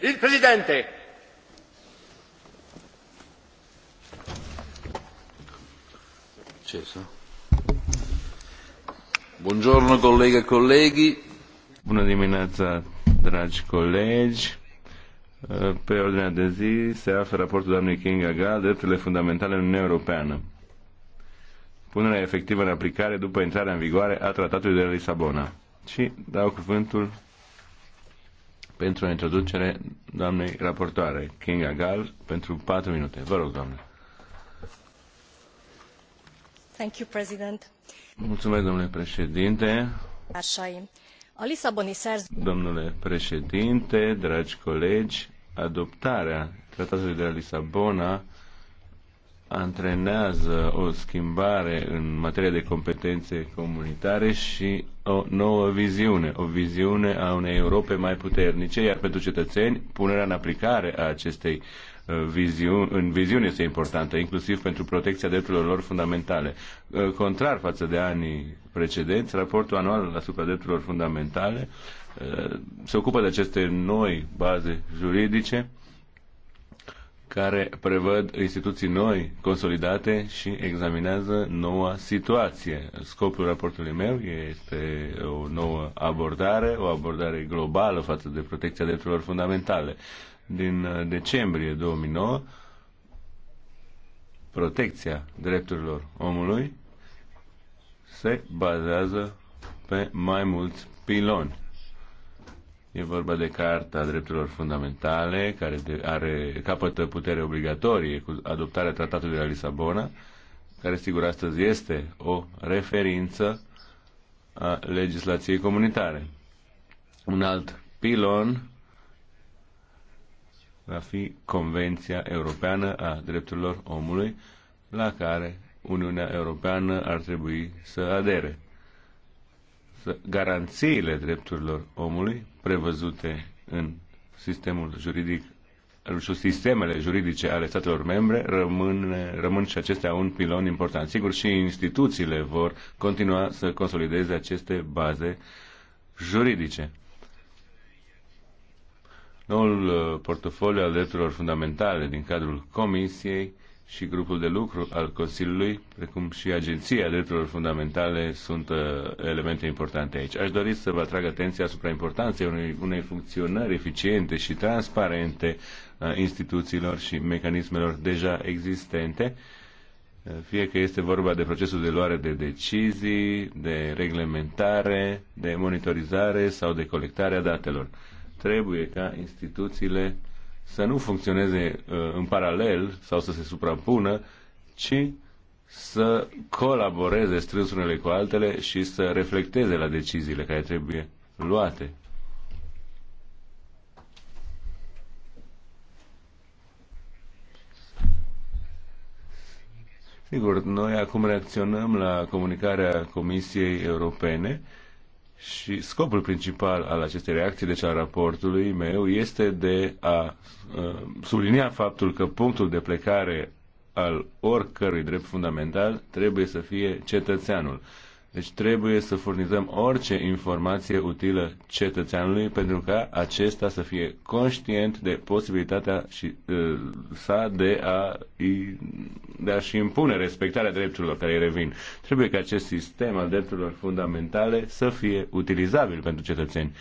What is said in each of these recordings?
Il Presidente. Acceso. Buongiorno colleghe e colleghi. Bună dimineața, dragi colegi. Pe ordinea de zi se află raportul doamnei Kinga Aga, drepturile fundamentale în Uniunea Europeană. Punerea efectivă în aplicare după intrarea în vigoare a Tratatului de la Lisabona. Și dau cuvântul pentru o introducere doamnei raportoare, Kinga Gal, pentru patru minute. Vă rog, doamne. Thank you, President. Mulțumesc, domnule președinte. Așa e. A Lisaboni Domnule președinte, dragi colegi, adoptarea Tratatului de la Lisabona antrenează o schimbare în materie de competențe comunitare și o nouă viziune, o viziune a unei Europe mai puternice, iar pentru cetățeni punerea în aplicare a acestei uh, viziuni, în viziune este importantă, inclusiv pentru protecția drepturilor lor fundamentale. Uh, contrar față de anii precedenți, raportul anual asupra drepturilor fundamentale uh, se ocupă de aceste noi baze juridice care prevăd instituții noi, consolidate și examinează noua situație. Scopul raportului meu este o nouă abordare, o abordare globală față de protecția drepturilor fundamentale. Din uh, decembrie 2009, protecția drepturilor omului se bazează pe mai mulți piloni E vorba de Carta Drepturilor Fundamentale, care de, are, capătă putere obligatorie cu adoptarea Tratatului de la Lisabona, care sigur astăzi este o referință a legislației comunitare. Un alt pilon va fi Convenția Europeană a Drepturilor Omului, la care Uniunea Europeană ar trebui să adere. Garanțiile drepturilor omului prevăzute în sistemul juridic și sistemele juridice ale statelor membre rămân, rămân și acestea un pilon important. Sigur, și instituțiile vor continua să consolideze aceste baze juridice. Noul uh, portofoliu al drepturilor fundamentale din cadrul Comisiei și grupul de lucru al Consiliului, precum și Agenția Drepturilor Fundamentale, sunt uh, elemente importante aici. Aș dori să vă atrag atenția asupra importanței unei, unei funcționări eficiente și transparente a instituțiilor și mecanismelor deja existente, fie că este vorba de procesul de luare de decizii, de reglementare, de monitorizare sau de colectare a datelor. Trebuie ca instituțiile să nu funcționeze uh, în paralel sau să se suprapună, ci să colaboreze strâns unele cu altele și să reflecteze la deciziile care trebuie luate. Sigur, noi acum reacționăm la comunicarea Comisiei Europene și scopul principal al acestei reacții, deci al raportului meu, este de a uh, sublinia faptul că punctul de plecare al oricărui drept fundamental trebuie să fie cetățeanul. Deci trebuie să furnizăm orice informație utilă cetățeanului pentru ca acesta să fie conștient de posibilitatea și, uh, sa de, a, de a-și impune respectarea drepturilor care îi revin. Trebuie ca acest sistem al drepturilor fundamentale să fie utilizabil pentru cetățeni.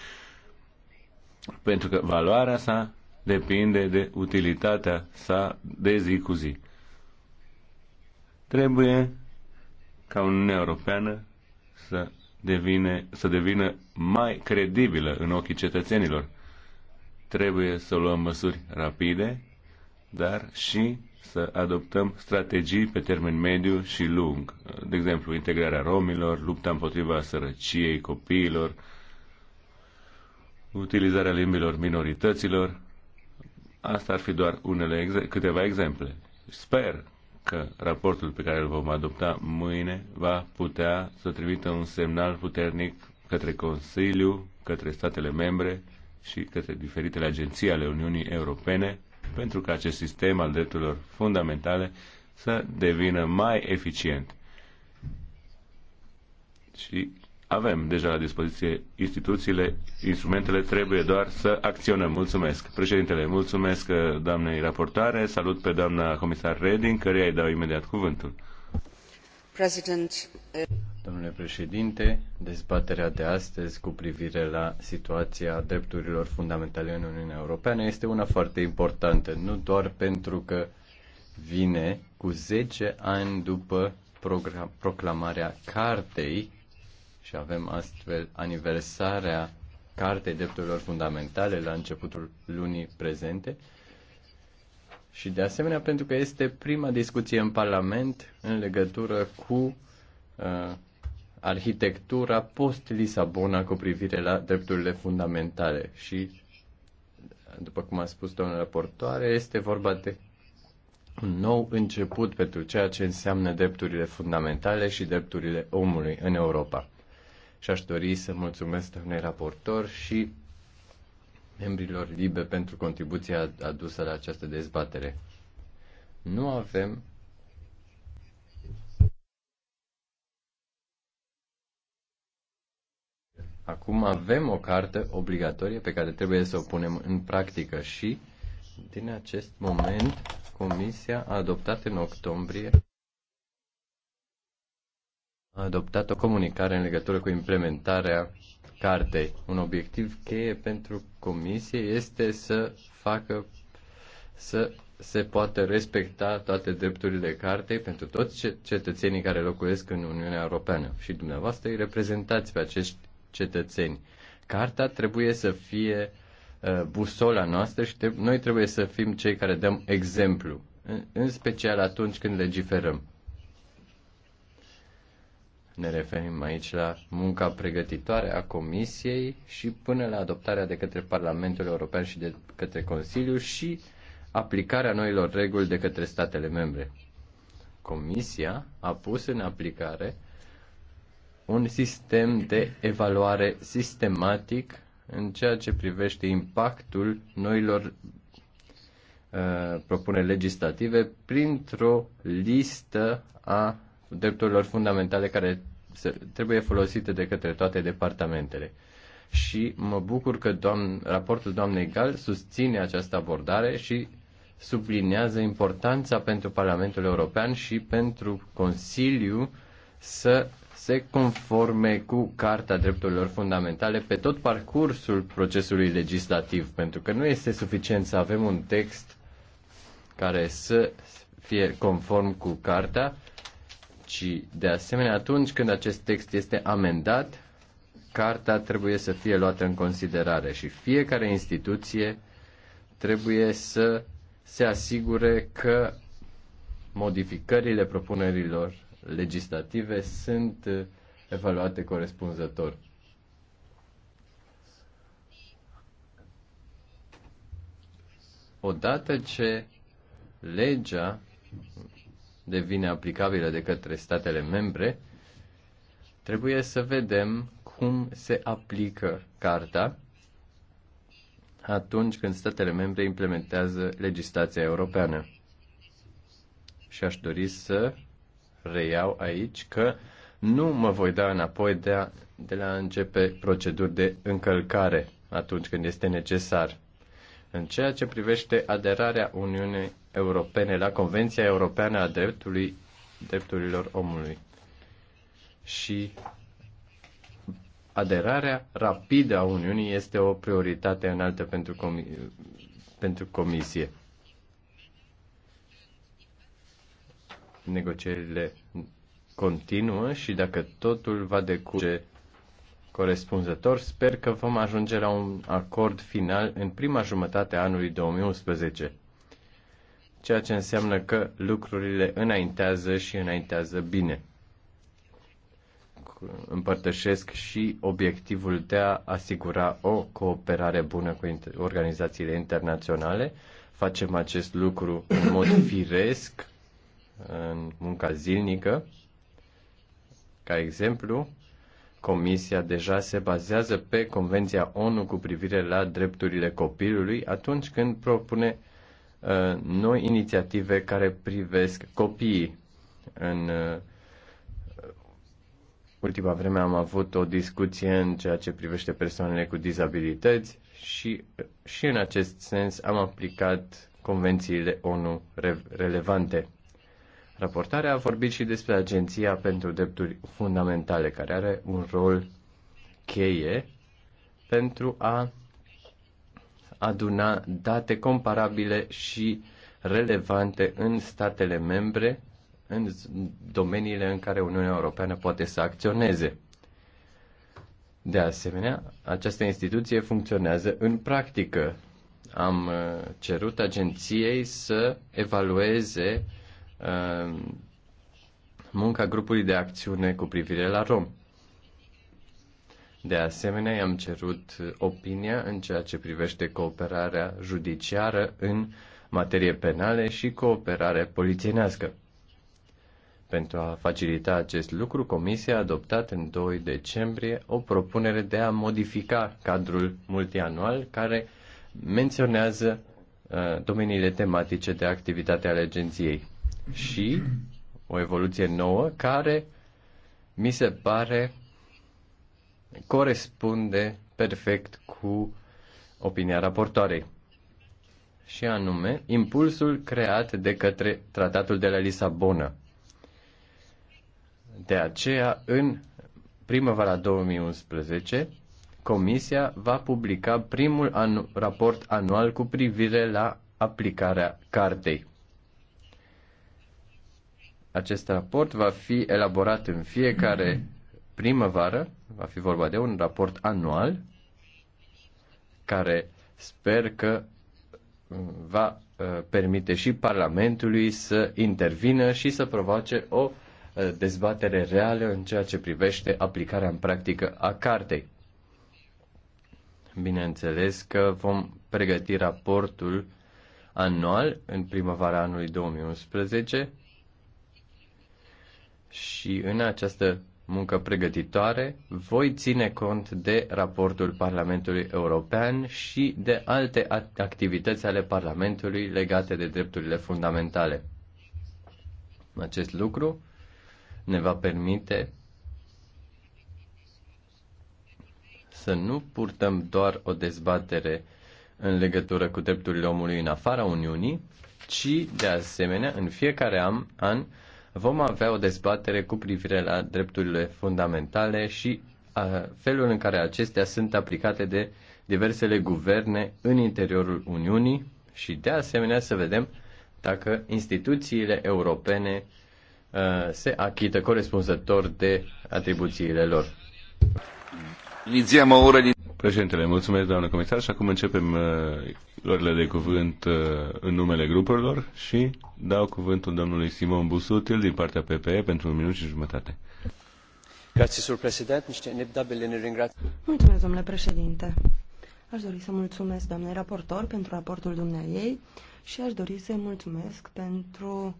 Pentru că valoarea sa depinde de utilitatea sa de zi cu zi. Trebuie ca Uniunea Europeană să, devine, să devină mai credibilă în ochii cetățenilor. Trebuie să luăm măsuri rapide, dar și să adoptăm strategii pe termen mediu și lung. De exemplu, integrarea romilor, lupta împotriva sărăciei copiilor, utilizarea limbilor minorităților. Asta ar fi doar unele, câteva exemple. Sper că raportul pe care îl vom adopta mâine va putea să trimită un semnal puternic către Consiliu, către statele membre și către diferitele agenții ale Uniunii Europene pentru ca acest sistem al drepturilor fundamentale să devină mai eficient. Și avem deja la dispoziție instituțiile, instrumentele, trebuie doar să acționăm. Mulțumesc. Președintele, mulțumesc uh, doamnei raportare, salut pe doamna comisar Reding, căreia îi dau imediat cuvântul. President... Uh, Domnule președinte, dezbaterea de astăzi cu privire la situația drepturilor fundamentale în Uniunea Europeană este una foarte importantă, nu doar pentru că vine cu 10 ani după proclamarea cartei și avem astfel aniversarea Cartei Drepturilor Fundamentale la începutul lunii prezente. Și de asemenea pentru că este prima discuție în Parlament în legătură cu uh, arhitectura post-Lisabona cu privire la drepturile fundamentale. Și, după cum a spus domnul raportoare, este vorba de un nou început pentru ceea ce înseamnă drepturile fundamentale și drepturile omului în Europa și aș dori să mulțumesc domnului raportor și membrilor libe pentru contribuția adusă la această dezbatere. Nu avem Acum avem o carte obligatorie pe care trebuie să o punem în practică și din acest moment Comisia a adoptat în octombrie a adoptat o comunicare în legătură cu implementarea cartei. Un obiectiv cheie pentru comisie este să facă să se poată respecta toate drepturile cartei pentru toți cetățenii care locuiesc în Uniunea Europeană și dumneavoastră îi reprezentați pe acești cetățeni. Carta trebuie să fie uh, busola noastră și noi trebuie să fim cei care dăm exemplu, în, în special atunci când legiferăm. Ne referim aici la munca pregătitoare a Comisiei și până la adoptarea de către Parlamentul European și de către Consiliu și aplicarea noilor reguli de către statele membre. Comisia a pus în aplicare un sistem de evaluare sistematic în ceea ce privește impactul noilor uh, propuneri legislative printr-o listă a drepturilor fundamentale care trebuie folosite de către toate departamentele. Și mă bucur că doamn, raportul doamnei Gal susține această abordare și sublinează importanța pentru Parlamentul European și pentru Consiliu să se conforme cu Carta Drepturilor Fundamentale pe tot parcursul procesului legislativ, pentru că nu este suficient să avem un text care să fie conform cu Carta, ci de asemenea atunci când acest text este amendat, carta trebuie să fie luată în considerare și fiecare instituție trebuie să se asigure că modificările propunerilor legislative sunt uh, evaluate corespunzător. Odată ce legea devine aplicabilă de către statele membre, trebuie să vedem cum se aplică carta atunci când statele membre implementează legislația europeană. Și aș dori să reiau aici că nu mă voi da înapoi de, a, de la a începe proceduri de încălcare atunci când este necesar. În ceea ce privește aderarea Uniunii europene la Convenția Europeană a Dreptului, Drepturilor Omului și aderarea rapidă a Uniunii este o prioritate înaltă pentru, comi- pentru Comisie. Negocierile continuă și dacă totul va decurge corespunzător, sper că vom ajunge la un acord final în prima jumătate a anului 2011 ceea ce înseamnă că lucrurile înaintează și înaintează bine. Împărtășesc și obiectivul de a asigura o cooperare bună cu organizațiile internaționale. Facem acest lucru în mod firesc, în munca zilnică. Ca exemplu, Comisia deja se bazează pe Convenția ONU cu privire la drepturile copilului atunci când propune uh, Uh, noi inițiative care privesc copiii. În uh, ultima vreme am avut o discuție în ceea ce privește persoanele cu dizabilități și, și în acest sens am aplicat convențiile ONU relevante. Raportarea a vorbit și despre Agenția pentru Drepturi Fundamentale, care are un rol cheie pentru a aduna date comparabile și relevante în statele membre, în domeniile în care Uniunea Europeană poate să acționeze. De asemenea, această instituție funcționează în practică. Am uh, cerut agenției să evalueze uh, munca grupului de acțiune cu privire la rom. De asemenea, i-am cerut opinia în ceea ce privește cooperarea judiciară în materie penale și cooperare polițienească. Pentru a facilita acest lucru, Comisia a adoptat în 2 decembrie o propunere de a modifica cadrul multianual care menționează uh, domeniile tematice de activitate ale agenției și o evoluție nouă care mi se pare corespunde perfect cu opinia raportoarei. Și anume, impulsul creat de către Tratatul de la Lisabona. De aceea, în primăvara 2011, Comisia va publica primul anu- raport anual cu privire la aplicarea cartei. Acest raport va fi elaborat în fiecare primăvară va fi vorba de un raport anual care sper că uh, va uh, permite și Parlamentului să intervină și să provoace o uh, dezbatere reală în ceea ce privește aplicarea în practică a cartei. Bineînțeles că vom pregăti raportul anual în primăvara anului 2011 și în această muncă pregătitoare, voi ține cont de raportul Parlamentului European și de alte activități ale Parlamentului legate de drepturile fundamentale. Acest lucru ne va permite să nu purtăm doar o dezbatere în legătură cu drepturile omului în afara Uniunii, ci, de asemenea, în fiecare an, an vom avea o dezbatere cu privire la drepturile fundamentale și felul în care acestea sunt aplicate de diversele guverne în interiorul Uniunii și de asemenea să vedem dacă instituțiile europene se achită corespunzător de atribuțiile lor. Inițiamo ora Președintele, mulțumesc, doamnă comisar, și acum începem uh, lorile de cuvânt uh, în numele grupurilor și dau cuvântul domnului Simon Busutil din partea PPE pentru un minut și jumătate. Mulțumesc, domnule președinte. Aș dori să mulțumesc doamnei raportor pentru raportul dumneai și aș dori să-i mulțumesc pentru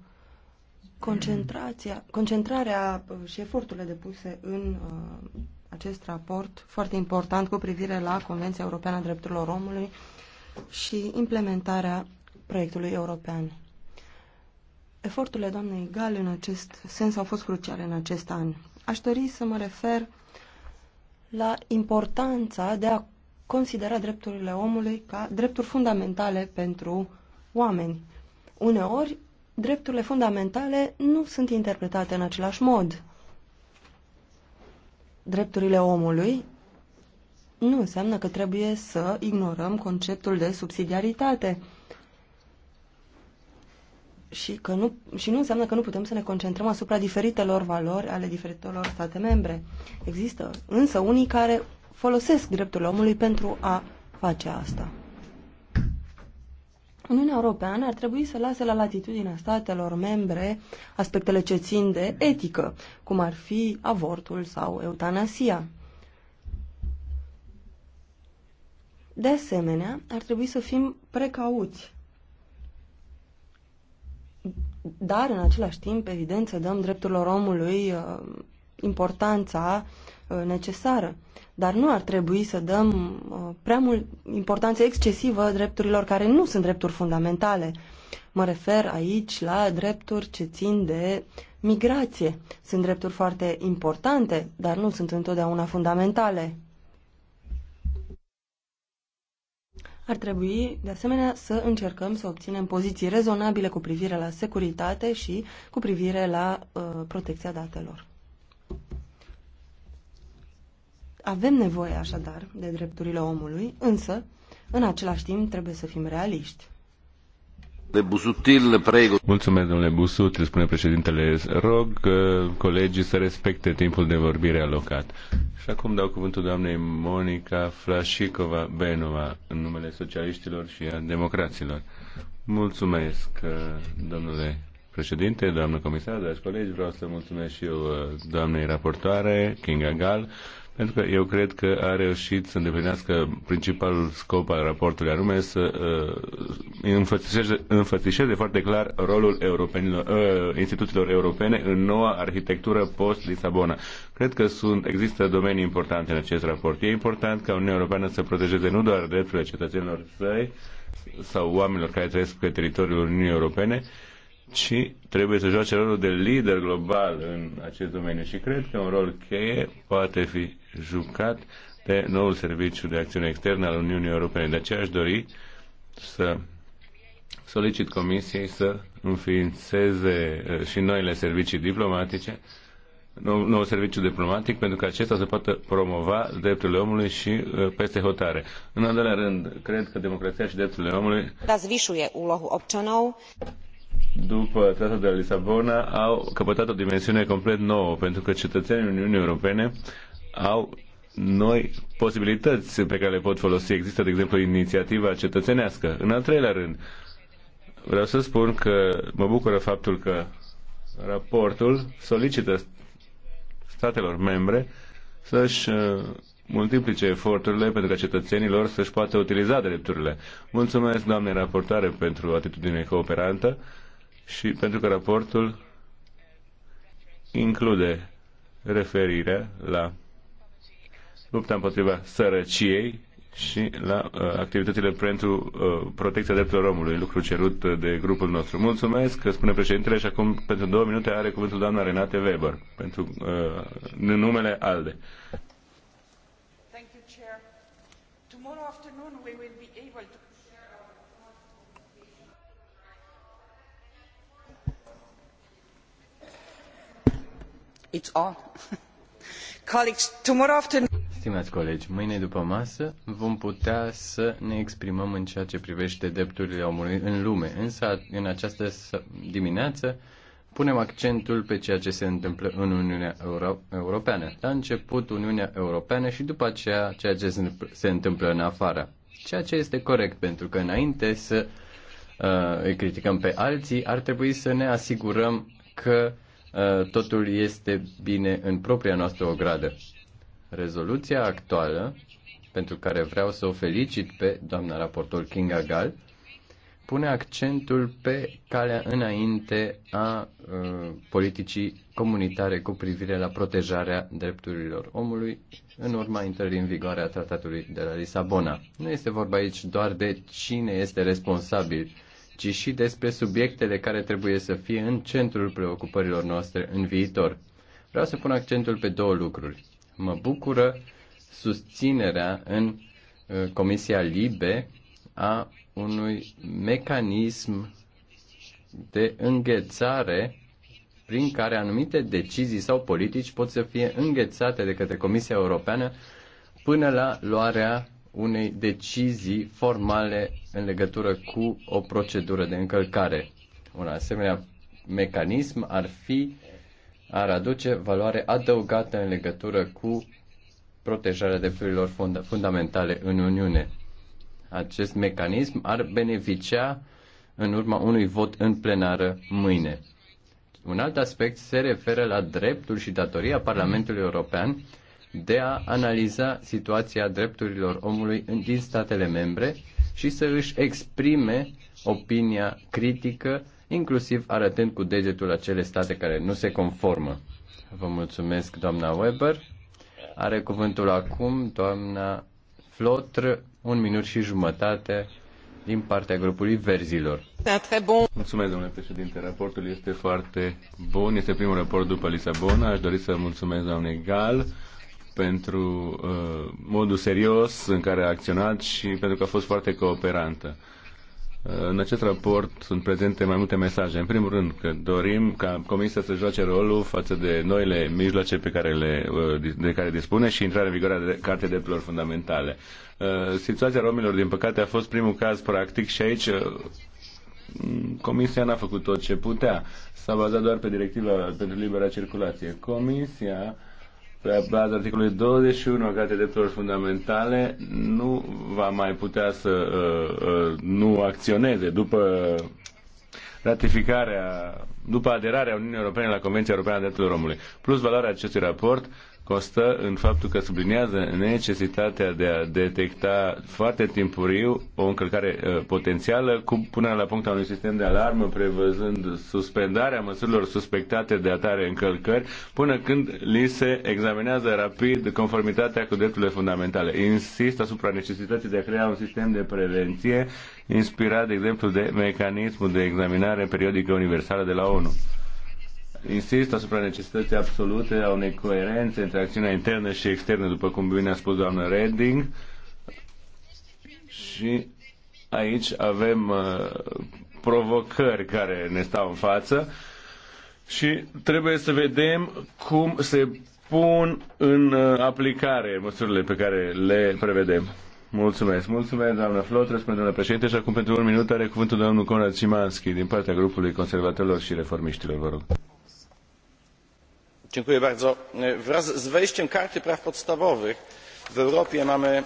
concentrația, concentrarea și eforturile depuse în uh, acest raport foarte important cu privire la Convenția Europeană a Drepturilor Omului și implementarea proiectului european. Eforturile doamnei Gal în acest sens au fost cruciale în acest an. Aș dori să mă refer la importanța de a considera drepturile omului ca drepturi fundamentale pentru oameni. Uneori, drepturile fundamentale nu sunt interpretate în același mod drepturile omului, nu înseamnă că trebuie să ignorăm conceptul de subsidiaritate. Și, că nu, și nu înseamnă că nu putem să ne concentrăm asupra diferitelor valori ale diferitelor state membre. Există însă unii care folosesc dreptul omului pentru a face asta. Uniunea Europeană ar trebui să lase la latitudinea statelor membre aspectele ce țin de etică, cum ar fi avortul sau eutanasia. De asemenea, ar trebui să fim precauți. Dar, în același timp, evident, să dăm drepturilor omului uh, importanța uh, Uh, necesară. Dar nu ar trebui să dăm uh, prea mult importanță excesivă drepturilor care nu sunt drepturi fundamentale. Mă refer aici la drepturi ce țin de migrație. Sunt drepturi foarte importante, dar nu sunt întotdeauna fundamentale. Ar trebui, de asemenea, să încercăm să obținem poziții rezonabile cu privire la securitate și cu privire la uh, protecția datelor. Avem nevoie așadar de drepturile omului, însă, în același timp, trebuie să fim realiști. De Busutil, prego. Mulțumesc, domnule îl spune președintele. Rog uh, colegii să respecte timpul de vorbire alocat. Și acum dau cuvântul doamnei Monica Flașicova Benova, în numele socialiștilor și a democraților. Mulțumesc, uh, domnule președinte, doamnă comisar, dragi colegi, vreau să mulțumesc și eu uh, doamnei raportoare, Kinga Gal, pentru că eu cred că a reușit să îndeplinească principalul scop al raportului, anume să uh, înfățișeze, foarte clar rolul europenilor, uh, instituțiilor europene în noua arhitectură post-Lisabona. Cred că sunt, există domenii importante în acest raport. E important ca Uniunea Europeană să protejeze nu doar drepturile cetățenilor săi sau oamenilor care trăiesc pe teritoriul Uniunii Europene, ci trebuie să joace rolul de lider global în acest domeniu și cred că un rol cheie poate fi jucat de noul serviciu de acțiune externă al Uniunii Europene. De aceea aș dori să solicit Comisiei să înființeze eh, și noile servicii diplomatice, nou, nou serviciu diplomatic, pentru că acesta se poate promova drepturile omului și eh, peste hotare. În al doilea rând, cred că democrația și drepturile omului da, zvișuie úlohu občanov după Tratatul de la Lisabona au căpătat o dimensiune complet nouă, pentru că cetățenii Uniunii Europene au noi posibilități pe care le pot folosi. Există, de exemplu, inițiativa cetățenească. În al treilea rând, vreau să spun că mă bucură faptul că raportul solicită statelor membre să-și uh, multiplice eforturile pentru ca cetățenilor să-și poată utiliza drepturile. Mulțumesc, doamne raportare, pentru atitudine cooperantă și pentru că raportul include referire la lupta împotriva sărăciei și la uh, activitățile pentru uh, protecția drepturilor omului, lucru cerut de grupul nostru. Mulțumesc, spune președintele, și acum pentru două minute are cuvântul doamna Renate Weber, pentru uh, numele ALDE. Thank you, Chair. It's Stimați colegi, mâine după masă vom putea să ne exprimăm în ceea ce privește drepturile omului în lume, însă în această dimineață punem accentul pe ceea ce se întâmplă în Uniunea Euro- Europeană. La început Uniunea Europeană și după aceea ceea ce se întâmplă în afară. Ceea ce este corect, pentru că înainte să uh, îi criticăm pe alții, ar trebui să ne asigurăm că Uh, totul este bine în propria noastră ogradă. Rezoluția actuală, pentru care vreau să o felicit pe doamna raportor Kinga Gal, pune accentul pe calea înainte a uh, politicii comunitare cu privire la protejarea drepturilor omului în urma intrării în vigoare a tratatului de la Lisabona. Nu este vorba aici doar de cine este responsabil ci și despre subiectele care trebuie să fie în centrul preocupărilor noastre în viitor. Vreau să pun accentul pe două lucruri. Mă bucură susținerea în uh, Comisia Libe a unui mecanism de înghețare prin care anumite decizii sau politici pot să fie înghețate de către Comisia Europeană până la luarea unei decizii formale în legătură cu o procedură de încălcare. Un asemenea mecanism ar fi ar aduce valoare adăugată în legătură cu protejarea drepturilor funda- fundamentale în Uniune. Acest mecanism ar beneficia în urma unui vot în plenară mâine. Un alt aspect se referă la dreptul și datoria Parlamentului European de a analiza situația drepturilor omului din statele membre și să își exprime opinia critică, inclusiv arătând cu degetul acele state care nu se conformă. Vă mulțumesc, doamna Weber. Are cuvântul acum doamna Flotr, un minut și jumătate din partea grupului Verzilor. Mulțumesc, domnule președinte. Raportul este foarte bun. Este primul raport după Lisabona. Aș dori să mulțumesc doamne Gal pentru uh, modul serios în care a acționat și pentru că a fost foarte cooperantă. Uh, în acest raport sunt prezente mai multe mesaje. În primul rând că dorim ca Comisia să joace rolul față de noile mijloace pe care le, uh, de care dispune și intrarea în vigoare a Cartei Drepturilor Fundamentale. Uh, situația romilor, din păcate, a fost primul caz practic și aici uh, Comisia n-a făcut tot ce putea. S-a bazat doar pe directiva pentru libera circulație. Comisia pe baza articolului 21 al Cartei Drepturilor Fundamentale nu va mai putea să uh, uh, nu acționeze după ratificarea, după aderarea Uniunii Europene la Convenția Europeană a Drepturilor Omului. Plus valoarea acestui raport constă în faptul că subliniază necesitatea de a detecta foarte timpuriu o încălcare uh, potențială cu punerea la punct a unui sistem de alarmă prevăzând suspendarea măsurilor suspectate de atare încălcări până când li se examinează rapid conformitatea cu drepturile fundamentale. Insist asupra necesității de a crea un sistem de prevenție inspirat, de exemplu, de mecanismul de examinare periodică universală de la ONU insist asupra necesității absolute a unei coerențe între acțiunea internă și externă, după cum bine a spus doamna Redding. Și aici avem uh, provocări care ne stau în față și trebuie să vedem cum se pun în uh, aplicare măsurile pe care le prevedem. Mulțumesc. Mulțumesc, doamnă Flot, răspunde domnule președinte și acum pentru un minut are cuvântul domnul Conrad Simanski din partea grupului conservatorilor și reformiștilor, vă rog wraz z wejściem karty praw podstawowych w europie mamy.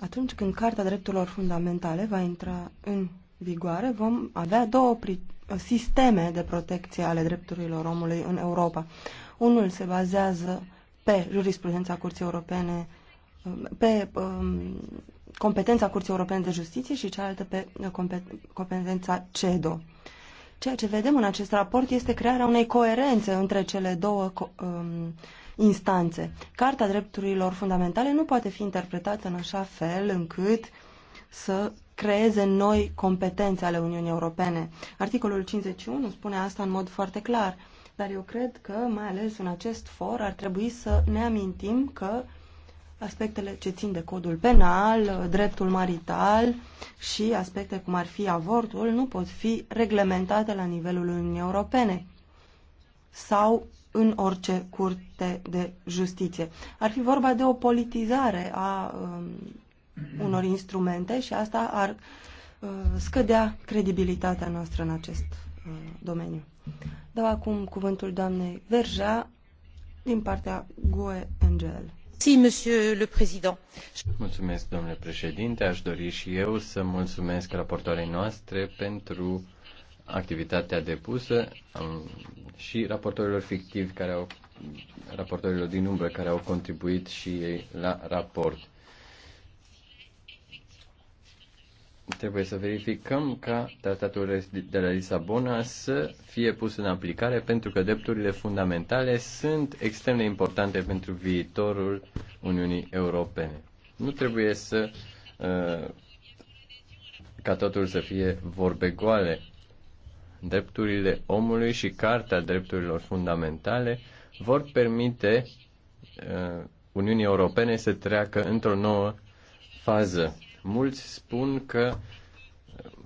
atunci când carta drepturilor fundamentale va intra în vigoare vom avea două sisteme de protecție ale drepturilor omului în europa unul se bazează pe jurisprudența curții europene pe um, competența curții europene de justiție și cealaltă pe uh, competența cedo Ceea ce vedem în acest raport este crearea unei coerențe între cele două um, instanțe. Carta drepturilor fundamentale nu poate fi interpretată în așa fel încât să creeze noi competențe ale Uniunii Europene. Articolul 51 spune asta în mod foarte clar, dar eu cred că, mai ales în acest for, ar trebui să ne amintim că aspectele ce țin de codul penal, dreptul marital și aspecte cum ar fi avortul nu pot fi reglementate la nivelul Uniunii Europene sau în orice curte de justiție. Ar fi vorba de o politizare a um, unor instrumente și asta ar uh, scădea credibilitatea noastră în acest uh, domeniu. Dau acum cuvântul doamnei Verja din partea GUE NGL. Mulțumesc, domnule președinte. Aș dori și eu să mulțumesc raportoarei noastre pentru activitatea depusă și raportorilor fictivi care au raportorilor din umbră care au contribuit și ei la raport. trebuie să verificăm ca tratatul de la Lisabona să fie pus în aplicare pentru că drepturile fundamentale sunt extrem de importante pentru viitorul Uniunii Europene. Nu trebuie să uh, ca totul să fie vorbe goale. Drepturile omului și Carta Drepturilor Fundamentale vor permite uh, Uniunii Europene să treacă într-o nouă fază Mulți spun că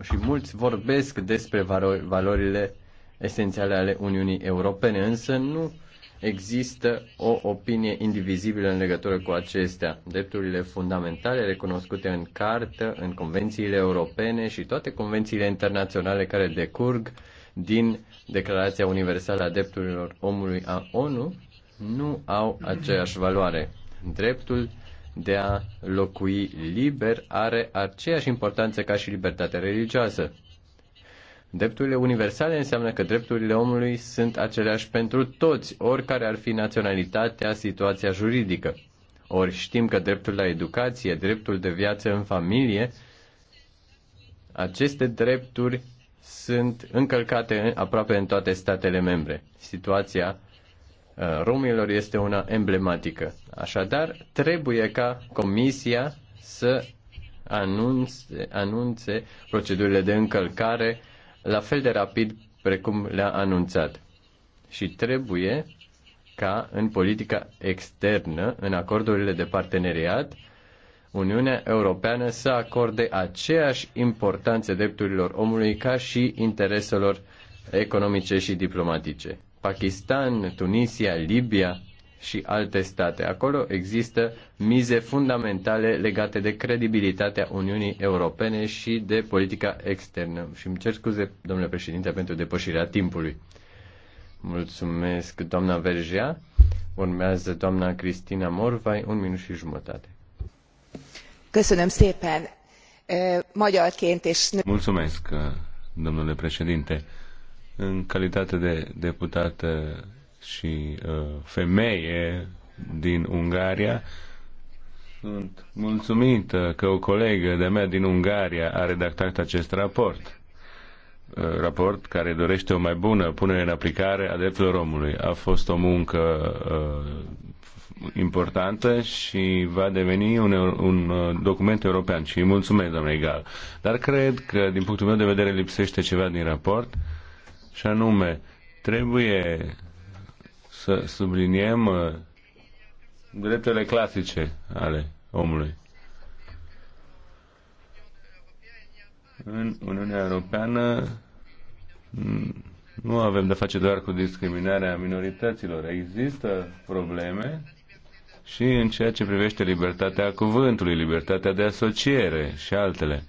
și mulți vorbesc despre valorile esențiale ale Uniunii Europene, însă nu există o opinie indivizibilă în legătură cu acestea. Drepturile fundamentale recunoscute în cartă, în convențiile europene și toate convențiile internaționale care decurg din Declarația Universală a Drepturilor Omului a ONU nu au aceeași valoare. Dreptul de a locui liber are aceeași importanță ca și libertatea religioasă. Drepturile universale înseamnă că drepturile omului sunt aceleași pentru toți, oricare ar fi naționalitatea, situația juridică. Ori știm că dreptul la educație, dreptul de viață în familie, aceste drepturi sunt încălcate în, aproape în toate statele membre. Situația Uh, romilor este una emblematică. Așadar, trebuie ca Comisia să anunțe, anunțe procedurile de încălcare la fel de rapid precum le-a anunțat. Și trebuie ca în politica externă, în acordurile de parteneriat, Uniunea Europeană să acorde aceeași importanță drepturilor omului ca și intereselor economice și diplomatice. Pakistan, Tunisia, Libia și alte state. Acolo există mize fundamentale legate de credibilitatea Uniunii Europene și de politica externă. Și îmi cer scuze, domnule președinte, pentru depășirea timpului. Mulțumesc, doamna Vergea. Urmează doamna Cristina Morvai, un minut și jumătate. Köszönöm szépen. Eh, Mulțumesc, eh, domnule președinte în calitate de deputată și uh, femeie din Ungaria, sunt mulțumită că o colegă de-a mea din Ungaria a redactat acest raport. Uh, raport care dorește o mai bună punere în aplicare a drepturilor omului. A fost o muncă uh, importantă și va deveni un, un uh, document european. Și mulțumesc, domnule Gal. Dar cred că, din punctul meu de vedere, lipsește ceva din raport. Uh, și anume, trebuie să subliniem uh, dreptele clasice ale omului. În Uniunea Europeană mm, nu avem de face doar cu discriminarea minorităților. Există probleme și în ceea ce privește libertatea cuvântului, libertatea de asociere și altele.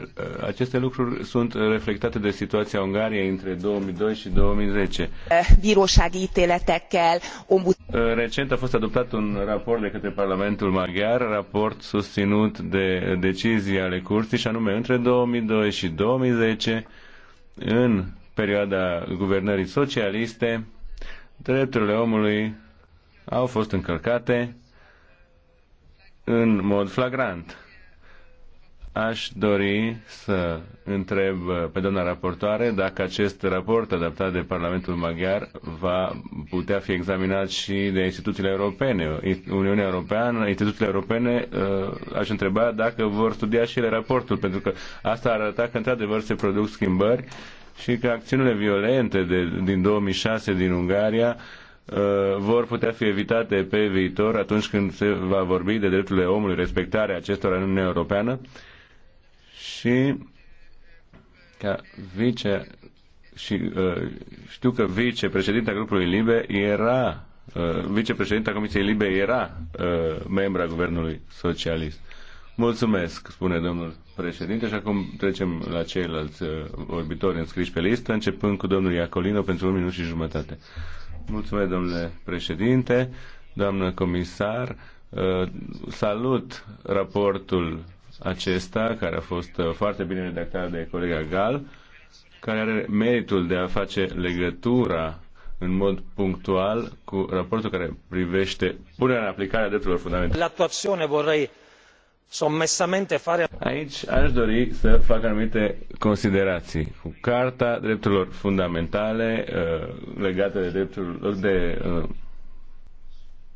Uh, aceste lucruri sunt reflectate de situația Ungariei între 2002 și 2010. Eh, bírósági ítéletekkel, ombud... Uh, recent a fost adoptat un raport de către Parlamentul Maghiar, raport susținut de decizii ale curții și anume între 2002 și 2010 în perioada guvernării socialiste, drepturile omului au fost încălcate în mod flagrant. Aș dori să întreb pe doamna raportoare dacă acest raport adaptat de Parlamentul Maghiar va putea fi examinat și de instituțiile europene. Uniunea Europeană, instituțiile europene, uh, aș întreba dacă vor studia și ele raportul, pentru că asta arăta că într-adevăr se produc schimbări și că acțiunile violente de, din 2006 din Ungaria uh, vor putea fi evitate pe viitor atunci când se va vorbi de drepturile omului, respectarea acestora în Uniunea Europeană și ca vice și uh, știu că vicepreședinta grupului Libe era uh, vicepreședinta Comisiei Libe era uh, membra Guvernului Socialist. Mulțumesc, spune domnul președinte, și acum trecem la ceilalți uh, orbitori înscriși pe listă, începând cu domnul Iacolino pentru un minut și jumătate. Mulțumesc, domnule președinte, doamnă comisar, uh, salut raportul acesta, care a fost uh, foarte bine redactat de colega Gal, care are meritul de a face legătura în mod punctual cu raportul care privește punerea în aplicare a drepturilor fundamentale. L'attuazione vorrei sommessamente fare... Aici aș dori să fac anumite considerații cu Carta Drepturilor Fundamentale uh, legate de, drepturile de uh,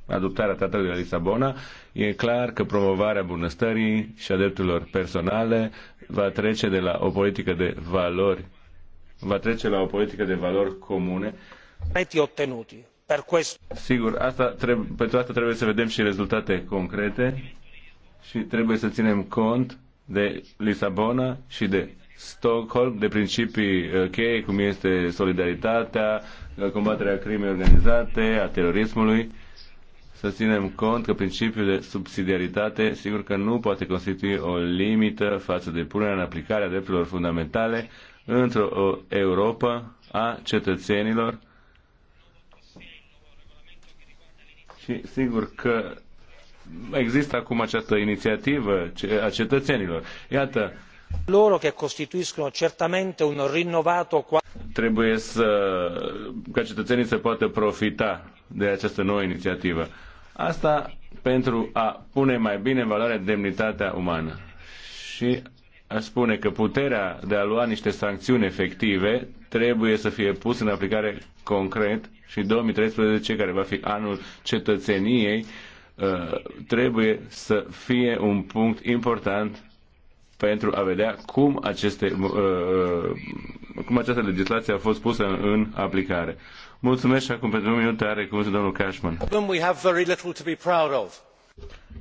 adoptarea Tratatului de la Lisabona, e clar că promovarea bunăstării și a drepturilor personale va trece de la o politică de valori va trece la o politică de valori comune. Ottenuti. Per questo. Sigur, asta trebuie, pentru asta trebuie să vedem și rezultate concrete și trebuie să ținem cont de Lisabona și de Stockholm, de principii uh, cheie, cum este solidaritatea, uh, combaterea crimei organizate, a terorismului să ținem cont că principiul de subsidiaritate sigur că nu poate constitui o limită față de punerea în aplicare a drepturilor fundamentale într-o Europa a cetățenilor și sigur că există acum această inițiativă a cetățenilor. Iată, loro che costituiscono certamente un rinnovato Trebuie să, ca cetățenii să poată profita de această nouă inițiativă. Asta pentru a pune mai bine în valoare demnitatea umană. Și spune că puterea de a lua niște sancțiuni efective trebuie să fie pusă în aplicare concret și 2013, care va fi anul cetățeniei, uh, trebuie să fie un punct important pentru a vedea cum, aceste, uh, uh, cum această legislație a fost pusă în aplicare. Mulțumesc și acum pentru un minut are cuvântul domnul Cashman.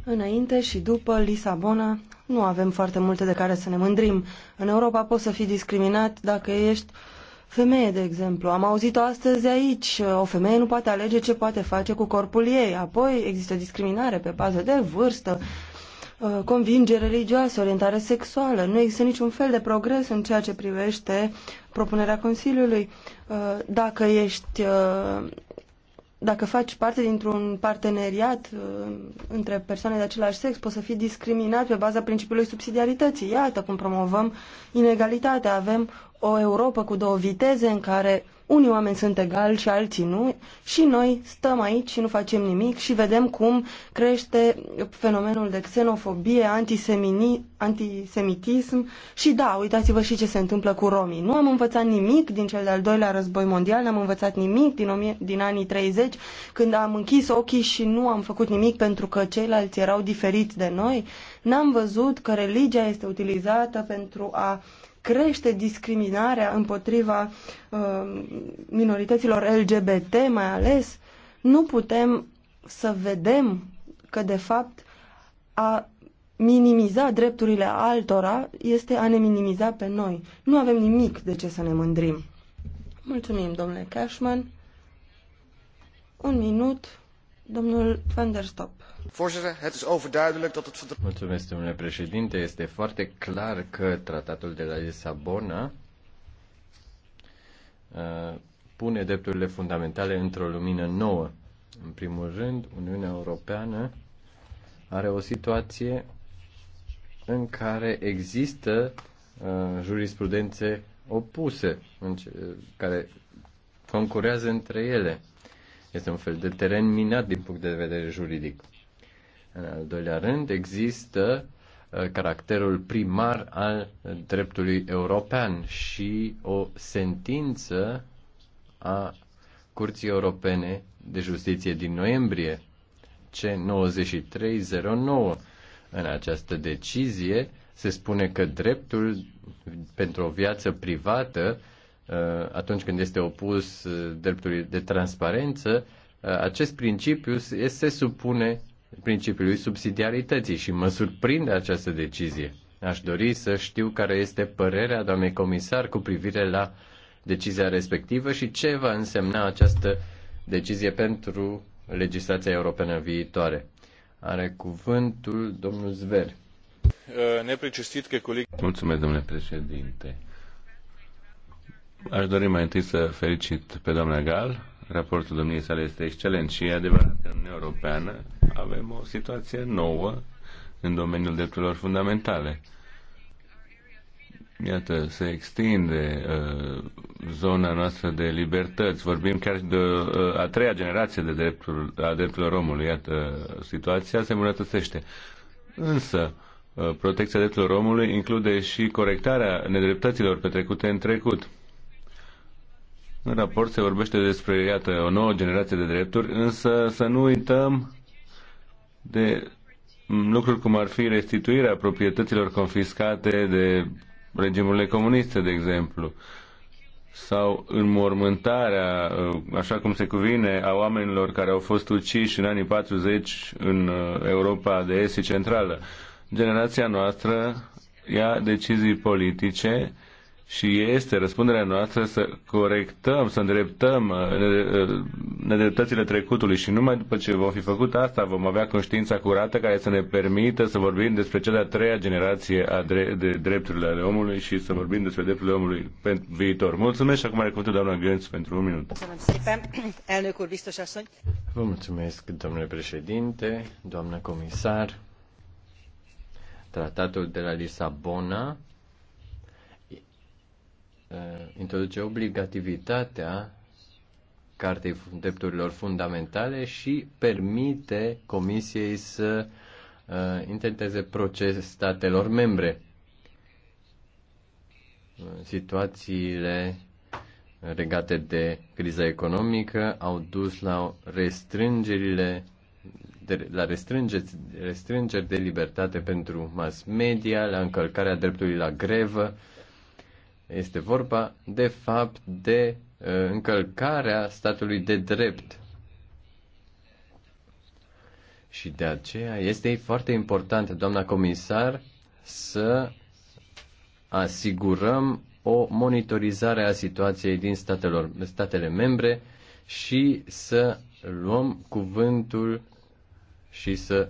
Înainte și după Lisabona nu avem foarte multe de care să ne mândrim. În Europa poți să fii discriminat dacă ești femeie, de exemplu. Am auzit-o astăzi aici. O femeie nu poate alege ce poate face cu corpul ei. Apoi există discriminare pe bază de vârstă, Uh, convingeri religioase, orientare sexuală. Nu există niciun fel de progres în ceea ce privește propunerea Consiliului. Uh, dacă ești uh, dacă faci parte dintr-un parteneriat între persoane de același sex, poți să fii discriminat pe baza principiului subsidiarității. Iată cum promovăm inegalitatea. Avem o Europa cu două viteze în care unii oameni sunt egali și alții nu și noi stăm aici și nu facem nimic și vedem cum crește fenomenul de xenofobie, antisemitism și da, uitați-vă și ce se întâmplă cu romii. Nu am învățat nimic din cel de-al doilea război mondial, n-am învățat nimic din, din anii 30 când am închis ochii și nu am făcut nimic pentru că ceilalți erau diferiți de noi. N-am văzut că religia este utilizată pentru a uh, crește discriminarea împotriva uh, minorităților LGBT mai ales, nu putem să vedem că de fapt a minimiza drepturile altora este a ne minimiza pe noi. Nu avem nimic de ce să ne mândrim. Mulțumim, domnule Cashman. Un minut, domnul Van der Stop. Mulțumesc, domnule președinte. Este foarte clar că tratatul de la Lisabona uh, pune drepturile fundamentale într-o lumină nouă. În primul rând, Uniunea Europeană are o situație în care există uh, jurisprudențe opuse, în ce, care concurează între ele. Este un fel de teren minat din punct de vedere juridic. În al doilea rând, există uh, caracterul primar al dreptului european și o sentință a Curții Europene de Justiție din noiembrie C9309. În această decizie se spune că dreptul pentru o viață privată, uh, atunci când este opus uh, dreptului de transparență, acest principiu se supune principiului subsidiarității și mă surprinde această decizie. Aș dori să știu care este părerea doamnei comisar cu privire la decizia respectivă și ce va însemna această decizie pentru legislația europeană viitoare. Are cuvântul domnul Zver. Uh, Neprecistit că coleg... Mulțumesc, domnule președinte. Aș dori mai întâi să felicit pe doamna Gal. Raportul domniei sale este excelent și e adevărat că Europeană avem o situație nouă în domeniul drepturilor fundamentale. Iată, se extinde uh, zona noastră de libertăți. Vorbim chiar de uh, a treia generație de drepturi, a drepturilor omului. Iată, situația se îmbunătățește. Însă, uh, protecția drepturilor omului include și corectarea nedreptăților petrecute în trecut. În raport se vorbește despre, iată, o nouă generație de drepturi, însă să nu uităm de lucruri cum ar fi restituirea proprietăților confiscate de regimurile comuniste, de exemplu, sau înmormântarea, uh, așa cum se cuvine, a oamenilor care au fost uciși în anii 40 în uh, Europa de Est și Centrală. Generația noastră ia decizii politice și este răspunderea noastră să corectăm, să îndreptăm uh, uh, nedreptățile trecutului și numai după ce vom fi făcut asta vom avea conștiința curată care să ne permită să vorbim despre cea de-a treia generație a dre- de drepturile ale omului și să vorbim despre drepturile omului pentru viitor. Mulțumesc și acum are cuvântul doamna Gânț pentru un minut. Vă mulțumesc, domnule președinte, doamnă comisar. Tratatul de la Lisabona Eh, introduce obligativitatea Cartei Drepturilor Fundamentale și permite Comisiei să uh, intenteze proces statelor membre. Eh, situațiile legate de criza economică au dus la restrângerile de, la restrângeri, restrângeri de libertate pentru mass media, la încălcarea dreptului la grevă, uh, este vorba, de fapt, de uh, încălcarea statului de drept. Și de aceea este foarte important, doamna comisar, să asigurăm o monitorizare a situației din statelor, statele membre și să luăm cuvântul și să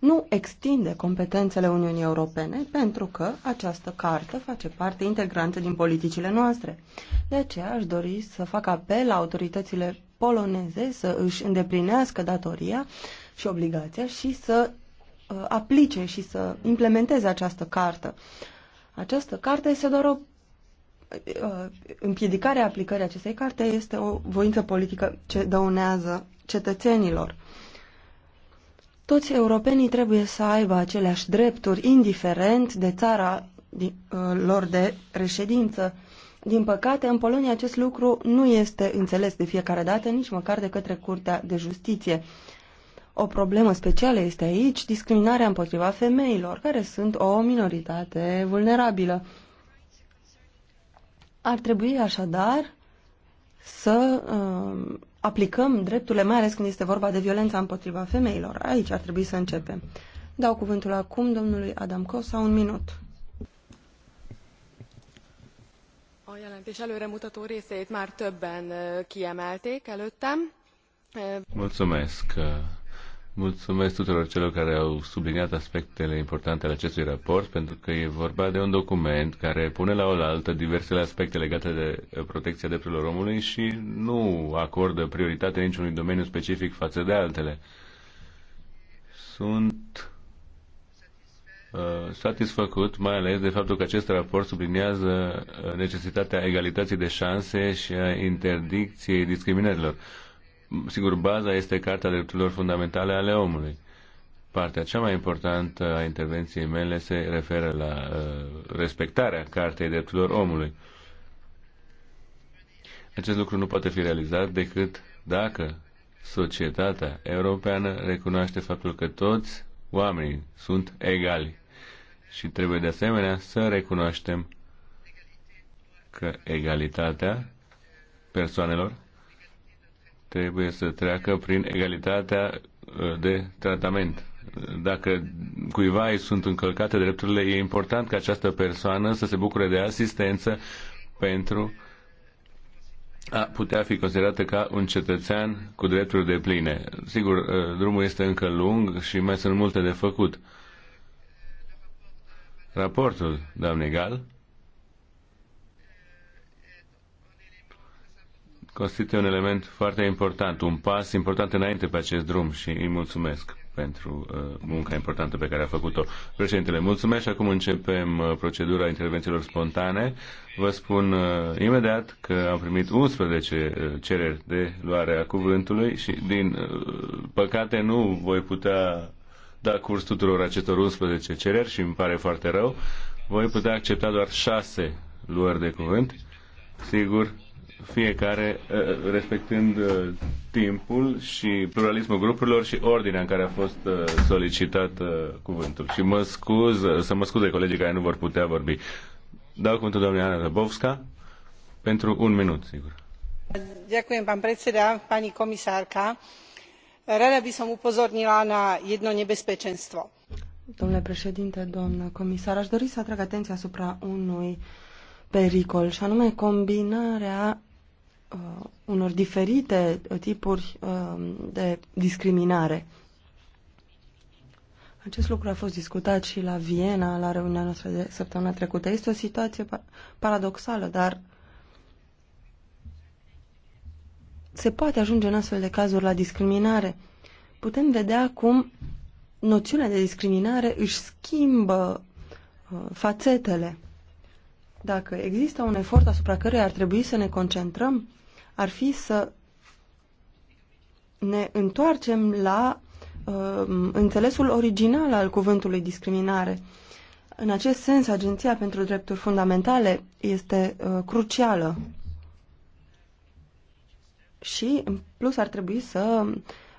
nu extinde competențele Uniunii Europene pentru că această carte face parte integrantă din politicile noastre. De aceea aș dori să fac apel la autoritățile poloneze să își îndeplinească datoria și obligația și să uh, aplice și să implementeze această carte. Această carte este doar o împiedicare uh, împiedicarea aplicării acestei carte este o voință politică ce dăunează cetățenilor. Uh, toți europenii trebuie să aibă aceleași drepturi, indiferent de țara uh, lor de reședință. Din păcate, în Polonia acest lucru nu este înțeles de fiecare dată, nici măcar de către Curtea de Justiție. O problemă specială este aici discriminarea împotriva femeilor, care sunt o minoritate vulnerabilă. Ar trebui așadar să uh, aplicăm drepturile, mai ales când este vorba de violența împotriva femeilor. Aici ar trebui să începem. Dau cuvântul acum domnului Adam Cosa, un minut. A jelentés mutató részét már többen eh, kiemelték előttem. Eh, Mulțumesc. Eh, Mulțumesc tuturor celor care au subliniat aspectele importante ale acestui raport, pentru că e vorba de un document care pune la oaltă diversele aspecte legate de protecția drepturilor omului și nu acordă prioritate niciunui domeniu specific față de altele. Sunt uh, satisfăcut, mai ales de faptul că acest raport subliniază uh, necesitatea egalității de șanse și a interdicției discriminărilor. Sigur, baza este Carta Drepturilor Fundamentale ale Omului. Partea cea mai importantă a intervenției mele se referă la uh, respectarea Cartei Drepturilor Omului. Acest lucru nu poate fi realizat decât dacă societatea europeană recunoaște faptul că toți oamenii sunt egali și trebuie de asemenea să recunoaștem că egalitatea persoanelor trebuie să treacă prin egalitatea uh, de tratament. Dacă cuiva îi sunt încălcate drepturile, e important ca această persoană să se bucure de asistență pentru a putea fi considerată ca un cetățean cu drepturi de pline. Sigur, uh, drumul este încă lung și mai sunt multe de făcut. Raportul, doamne Gal, constituie un element foarte important, un pas important înainte pe acest drum și îi mulțumesc pentru uh, munca importantă pe care a făcut-o. Președintele, mulțumesc și acum începem uh, procedura intervențiilor spontane. Vă spun uh, imediat că am primit 11 uh, cereri de luare a cuvântului și, din uh, păcate, nu voi putea da curs tuturor acestor 11 cereri și îmi pare foarte rău. Voi putea accepta doar 6 luări de cuvânt. Sigur, fiecare ă, respectând ă, timpul și pluralismul grupurilor și ordinea în care a fost ă, solicitat cuvântul. Și mă scuz, să mă scuze colegii care nu vor putea vorbi. Dau cuvântul doamnei Ana Zăbovska pentru un minut, sigur. Ďakujem, pán predseda, pani komisárka. Rada by som upozornila na jedno nebezpečenstvo. Domnule președinte, doamnă comisar, aș dori să atrag atenția asupra unui pericol, și anume combinarea uh, unor diferite uh, tipuri uh, de discriminare. Acest lucru a fost discutat și la Viena, la reuniunea noastră de săptămâna trecută. Este o situație paradoxală, dar se poate ajunge în astfel de cazuri la discriminare. Putem vedea cum noțiunea de discriminare își schimbă uh, fațetele. Dacă există un efort asupra căruia ar trebui să ne concentrăm, ar fi să ne întoarcem la uh, înțelesul original al cuvântului discriminare. În acest sens, Agenția pentru Drepturi Fundamentale este uh, crucială și, în plus, ar trebui să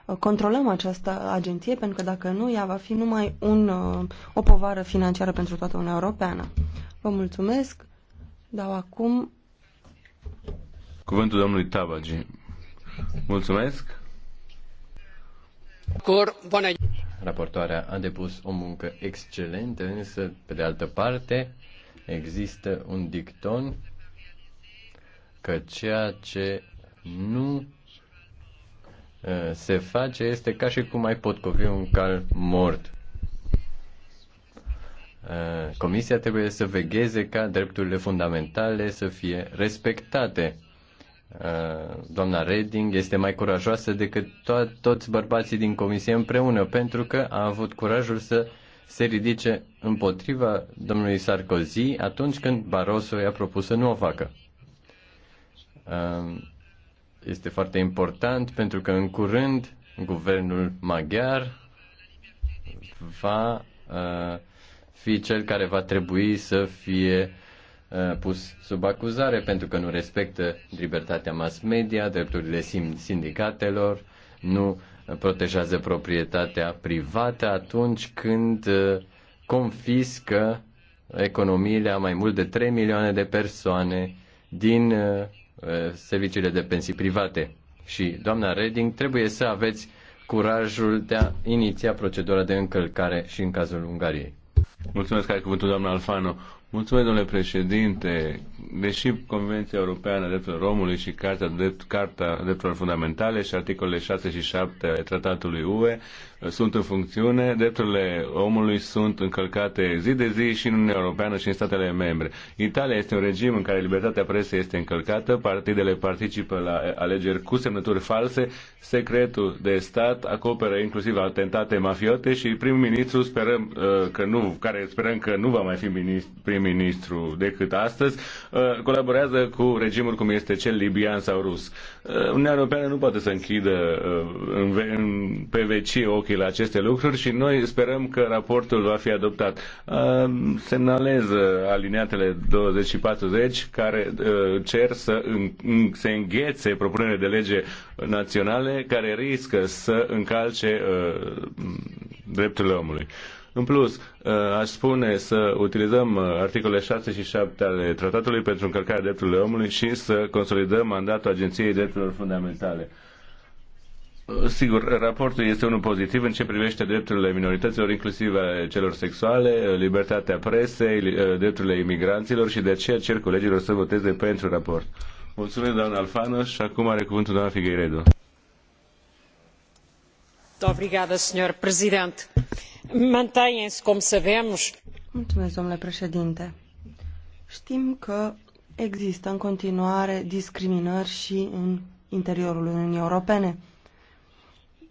uh, controlăm această agenție, pentru că dacă nu, ea va fi numai un, uh, o povară financiară pentru toată Uniunea Europeană. Vă mulțumesc. Dau acum Cuvântul domnului Tabagi. Mulțumesc. Cor, bună. Raportoarea a depus o muncă excelentă, însă, pe de altă parte, există un dicton că ceea ce nu uh, se face este ca și cum ai potcovi un cal mort. Uh, comisia trebuie să vegheze ca drepturile fundamentale să fie respectate Uh, doamna Reding este mai curajoasă decât to- toți bărbații din comisie împreună, pentru că a avut curajul să se ridice împotriva domnului Sarkozy atunci când Barroso i-a propus să nu o facă. Uh, este foarte important pentru că în curând guvernul maghiar va uh, fi cel care va trebui să fie Uh, pus sub acuzare pentru că nu respectă libertatea mass media, drepturile sindicatelor, nu protejează proprietatea privată atunci când uh, confiscă economiile a mai mult de 3 milioane de persoane din uh, serviciile de pensii private. Și, doamna Reding, trebuie să aveți curajul de a iniția procedura de încălcare și în cazul Ungariei. Mulțumesc, ai cuvântul, doamna Alfano. Mulțumesc, domnule președinte. Deși Convenția Europeană a Drepturilor Omului și Carta, Drept, Carta Drepturilor Fundamentale și articolele 6 și 7 ale Tratatului UE sunt în funcțiune, drepturile omului sunt încălcate zi de zi și în Uniunea Europeană și în statele membre. Italia este un regim în care libertatea presei este încălcată, partidele participă la alegeri cu semnături false, secretul de stat acoperă inclusiv atentate mafiote și primul ministru sperăm uh, că nu, care sperăm că nu va mai fi prim-ministru decât astăzi, uh, colaborează cu regimul cum este cel libian sau rus. Uh, Uniunea Europeană nu poate să închidă pe PVC ochii ochii la aceste lucruri și noi sperăm că raportul va fi adoptat. Semnalez uh, alineatele 20 și 40 care uh, cer să se înghețe propunerile de lege naționale care riscă să încalce uh, drepturile omului. În plus, aș spune să utilizăm articolele 6 și 7 ale tratatului pentru încălcarea drepturilor omului și să consolidăm mandatul Agenției Drepturilor Fundamentale. Sigur, raportul este unul pozitiv în ce privește drepturile minorităților, inclusiv celor sexuale, libertatea presei, eh, drepturile imigranților și de aceea cer colegilor să voteze pentru raport. Mulțumesc, doamna Alfană, și acum are cuvântul doamna Figueiredo. Obrigada, senhor presidente. se como sabemos. Mulțumesc, domnule președinte. Știm că există în continuare discriminări și în interiorul Uniunii Europene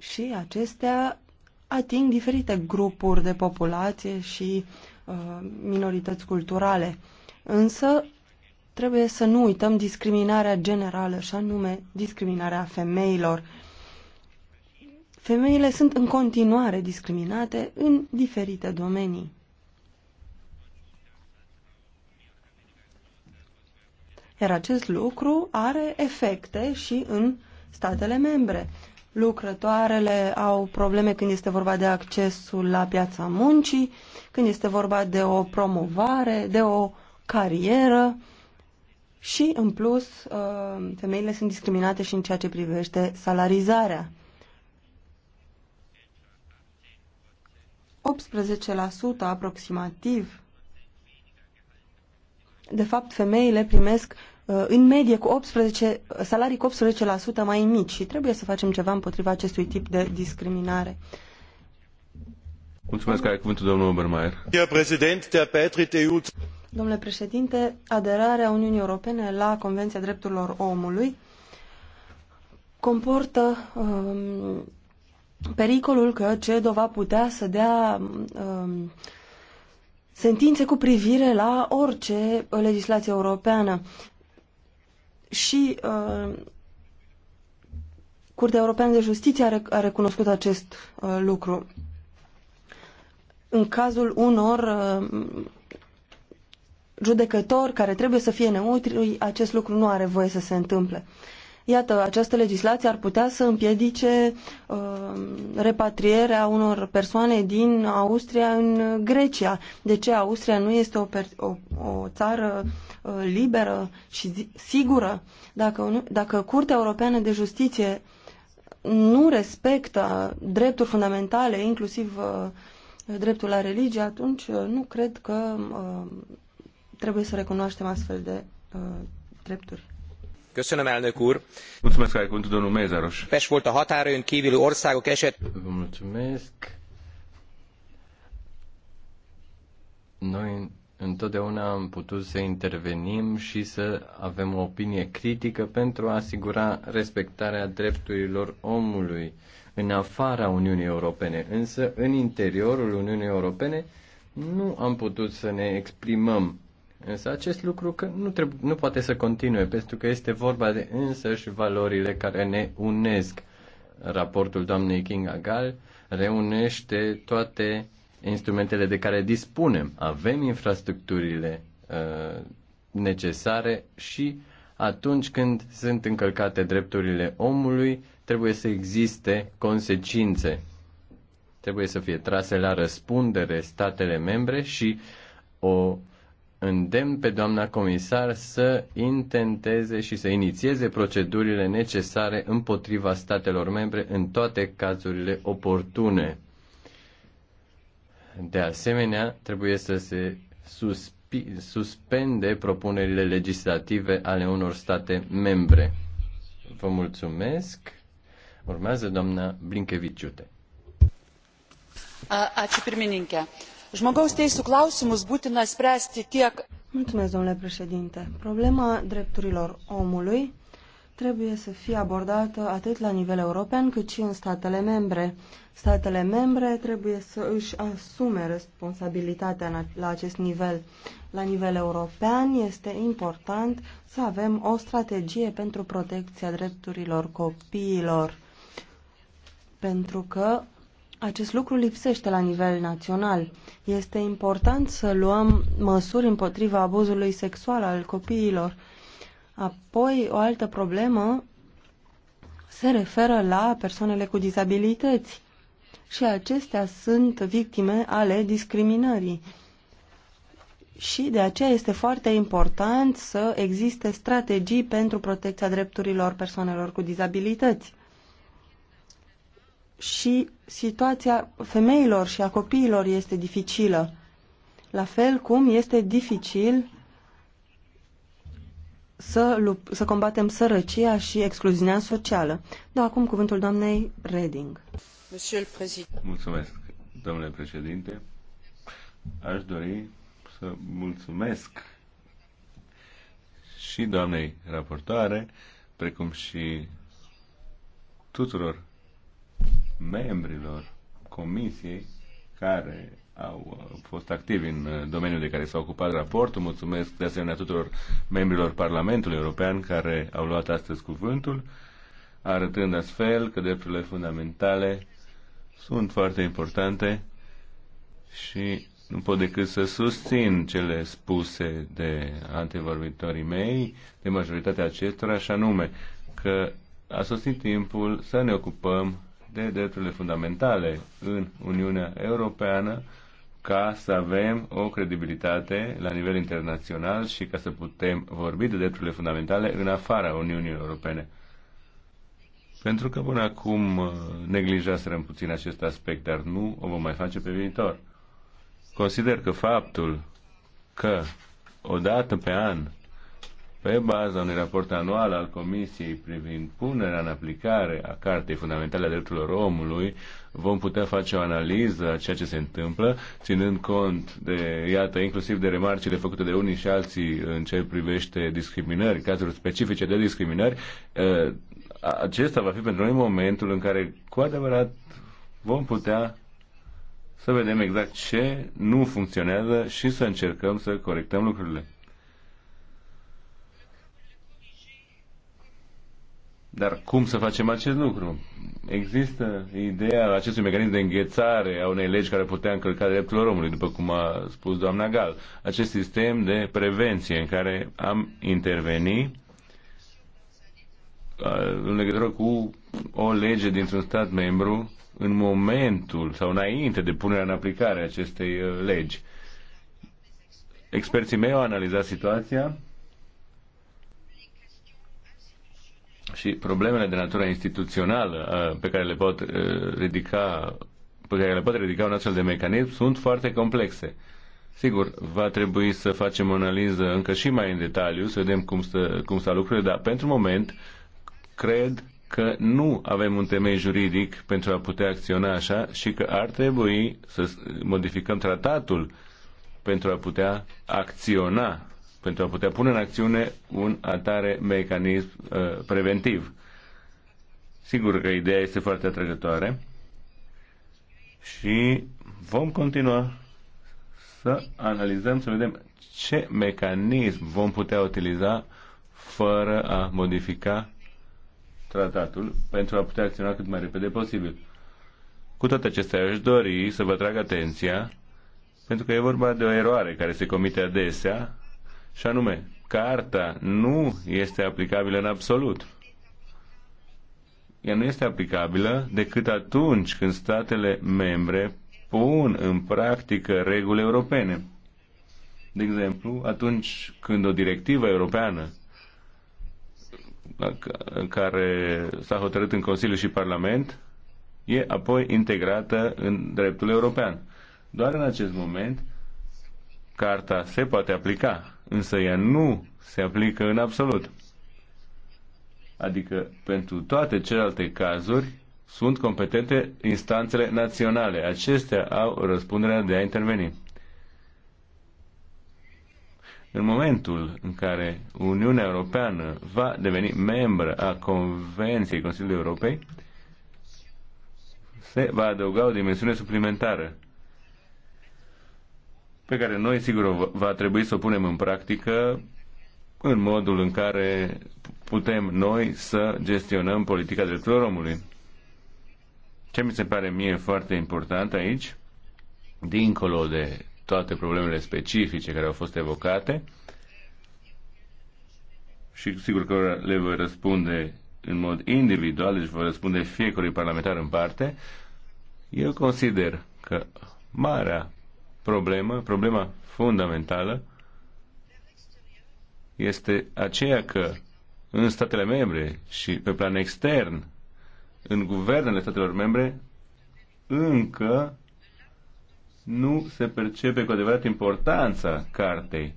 și acestea ating diferite grupuri de populație și uh, minorități culturale. Însă trebuie să nu uităm discriminarea generală și anume discriminarea femeilor. Femeile sunt în continuare discriminate în diferite domenii. Iar acest lucru are efecte și în statele membre lucrătoarele au probleme când este vorba de accesul la piața muncii, când este vorba de o promovare, de o carieră și, în plus, uh, femeile sunt discriminate și în ceea ce privește salarizarea. 18% aproximativ. De fapt, femeile primesc Uh, în medie cu 18, salarii cu 18% mai mici și trebuie să facem ceva împotriva acestui tip de discriminare. Mulțumesc, ai cuvântul domnul Obermeier. Domnule președinte, aderarea Uniunii Europene la Convenția Drepturilor Omului comportă um, pericolul că CEDO va putea să dea um, sentințe cu privire la orice legislație europeană și uh, Curtea Europeană de Justiție a, rec a recunoscut acest uh, lucru. În cazul unor uh, judecători care trebuie să fie neutri, acest lucru nu are voie să se întâmple. Iată, această legislație ar putea să împiedice uh, repatrierea unor persoane din Austria în Grecia. De ce Austria nu este o, o, o țară uh, Uh, liberă și sigură, dacă, dacă Curtea Europeană de Justiție nu respectă drepturi fundamentale, inclusiv uh, dreptul la religie, atunci uh, nu cred că trebuie să recunoaștem astfel de drepturi. Köszönöm, elnök úr! Mulțumesc, ai cuvântul domnul Mezaros. Pes volt a határőn kívüli országok eset... mulțumesc! Noi întotdeauna am putut să intervenim și să avem o opinie critică pentru a asigura respectarea drepturilor omului în afara Uniunii Europene. Însă, în interiorul Uniunii Europene, nu am putut să ne exprimăm. Însă acest lucru că nu, trebuie, nu poate să continue, pentru că este vorba de însăși valorile care ne unesc. Raportul doamnei King Agal reunește toate instrumentele de care dispunem. Avem infrastructurile uh, necesare și atunci când sunt încălcate drepturile omului, trebuie să existe consecințe. Trebuie să fie trase la răspundere statele membre și o îndemn pe doamna comisar să intenteze și să inițieze procedurile necesare împotriva statelor membre în toate cazurile oportune. De asemenea, trebuie să se suspende propunerile legislative ale unor state membre. Vă mulțumesc. Urmează doamna Blinkevičiūtė. Ačiū pirmininkė. Žmogaus teisų klausimus būtina spręsti tiek. Mulțumesc, domnule președinte. Problema drepturilor omului trebuie să fie abordată atât la nivel european cât și în statele membre. Statele membre trebuie să își asume responsabilitatea la acest nivel. La nivel european este important să avem o strategie pentru protecția drepturilor copiilor, pentru că acest lucru lipsește la nivel național. Este important să luăm măsuri împotriva abuzului sexual al copiilor Apoi, o altă problemă se referă la persoanele cu dizabilități și acestea sunt victime ale discriminării. Și de aceea este foarte important să existe strategii pentru protecția drepturilor persoanelor cu dizabilități. Și situația femeilor și a copiilor este dificilă, la fel cum este dificil să, să combatem sărăcia și excluziunea socială. Da, acum cuvântul doamnei Reding. Mulțumesc, domnule președinte. Aș dori să mulțumesc și doamnei raportoare, precum și tuturor membrilor comisiei care au uh, fost activi în uh, domeniul de care s-a ocupat raportul. Mulțumesc de asemenea tuturor membrilor Parlamentului European care au luat astăzi cuvântul, arătând astfel că drepturile fundamentale sunt foarte importante și nu pot decât să susțin cele spuse de antevorbitorii mei, de majoritatea acestora, și anume că a sosit timpul să ne ocupăm de drepturile fundamentale în Uniunea Europeană ca să avem o credibilitate la nivel internațional și ca să putem vorbi de drepturile fundamentale în afara Uniunii Europene. Pentru că până acum uh, neglijaserăm puțin acest aspect, dar nu o vom mai face pe viitor. Consider că faptul că odată pe an pe baza unui raport anual al Comisiei privind punerea în aplicare a Cartei Fundamentale a Drepturilor Omului, vom putea face o analiză a ceea ce se întâmplă, ținând cont de, iată, inclusiv de remarcile făcute de unii și alții în ce privește discriminări, cazuri specifice de discriminări. Ă, acesta va fi pentru noi momentul în care, cu adevărat, vom putea să vedem exact ce nu funcționează și să încercăm să corectăm lucrurile. Dar cum să facem acest lucru? Există ideea acestui mecanism de înghețare a unei legi care putea încălca drepturile omului, după cum a spus doamna Gal. Acest sistem de prevenție în care am intervenit în legătură cu o lege dintr-un stat membru în momentul sau înainte de punerea în aplicare a acestei uh, legi. Experții mei au analizat situația și problemele de natură instituțională uh, pe care le pot uh, ridica pe care le pot ridica un astfel de mecanism sunt foarte complexe. Sigur, va trebui să facem o analiză încă și mai în detaliu, să vedem cum stă, cum stă lucrurile, dar pentru moment cred că nu avem un temei juridic pentru a putea acționa așa și că ar trebui să modificăm tratatul pentru a putea acționa pentru a putea pune în acțiune un atare mecanism uh, preventiv. Sigur că ideea este foarte atrăgătoare și vom continua să analizăm, să vedem ce mecanism vom putea utiliza fără a modifica tratatul pentru a putea acționa cât mai repede posibil. Cu toate acestea, aș dori să vă trag atenția pentru că e vorba de o eroare care se comite adesea și anume, carta nu este aplicabilă în absolut. Ea nu este aplicabilă decât atunci când statele membre pun în practică reguli europene. De exemplu, atunci când o directivă europeană care s-a hotărât în Consiliu și Parlament e apoi integrată în dreptul european. Doar în acest moment carta se poate aplica însă ea nu se aplică în absolut. Adică pentru toate celelalte cazuri sunt competente instanțele naționale. Acestea au răspunderea de a interveni. În momentul în care Uniunea Europeană va deveni membră a Convenției Consiliului Europei, se va adăuga o dimensiune suplimentară pe care noi, sigur, va trebui să o punem în practică în modul în care putem noi să gestionăm politica drepturilor omului. Ce mi se pare mie foarte important aici, dincolo de toate problemele specifice care au fost evocate, și sigur că le voi răspunde în mod individual, deci voi răspunde fiecărui parlamentar în parte, eu consider că marea problemă, problema fundamentală, este aceea că în statele membre și pe plan extern, în guvernele statelor membre, încă nu se percepe cu adevărat importanța cartei.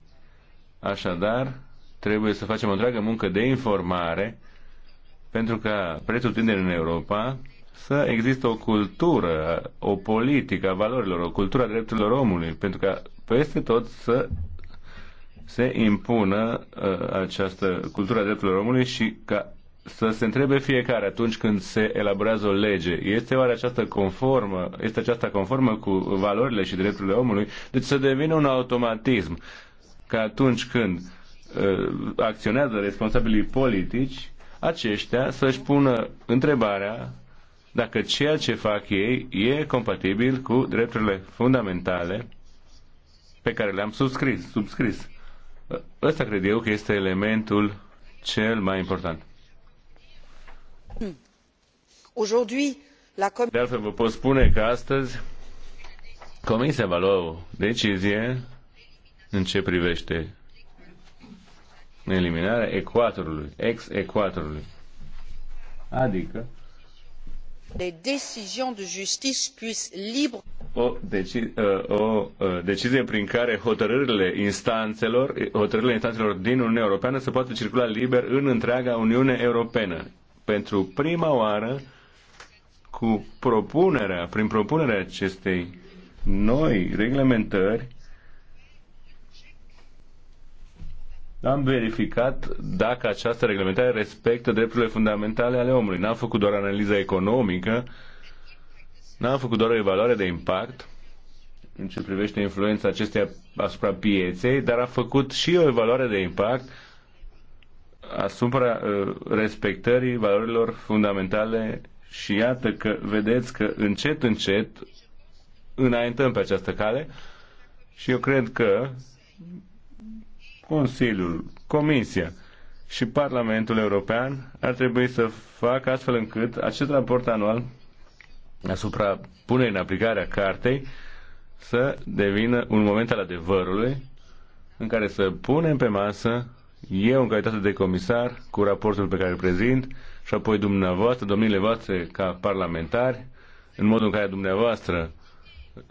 Așadar, trebuie să facem o întreagă muncă de informare pentru ca prețul tineri în Europa să există o cultură, o politică a valorilor, o cultură a drepturilor omului, pentru că peste tot să se impună uh, această cultură a drepturilor omului și ca să se întrebe fiecare atunci când se elaborează o lege. Este oare aceasta conformă, este aceasta conformă cu valorile și drepturile omului? Deci să devină un automatism că atunci când uh, acționează responsabilii politici, aceștia să-și pună întrebarea dacă ceea ce fac ei e compatibil cu drepturile fundamentale pe care le-am subscris. subscris. Ăsta cred eu că este elementul cel mai important. De altfel, vă pot spune că astăzi Comisia va lua o decizie în ce privește eliminarea ecuatorului, ex-ecuatorului. Adică des décisions de justice puissent libre o, deci, uh, o uh, decizie prin care hotărârile instanțelor, hotărârile instanțelor din Uniunea Europeană se poată circula liber în întreaga Uniune Europeană. Pentru prima oară, cu propunerea, prin propunerea acestei noi reglementări, am verificat dacă această reglementare respectă drepturile fundamentale ale omului. N-am făcut doar analiza economică, n-am făcut doar o evaluare de impact în ce privește influența acesteia asupra pieței, dar am făcut și o evaluare de impact asupra uh, respectării valorilor fundamentale și iată că vedeți că încet, încet înaintăm pe această cale și eu cred că Consiliul, Comisia și Parlamentul European ar trebui să facă astfel încât acest raport anual asupra punerii în aplicare a cartei să devină un moment al adevărului în care să punem pe masă eu în calitate de comisar cu raportul pe care îl prezint și apoi dumneavoastră, domnile voastre ca parlamentari, în modul în care dumneavoastră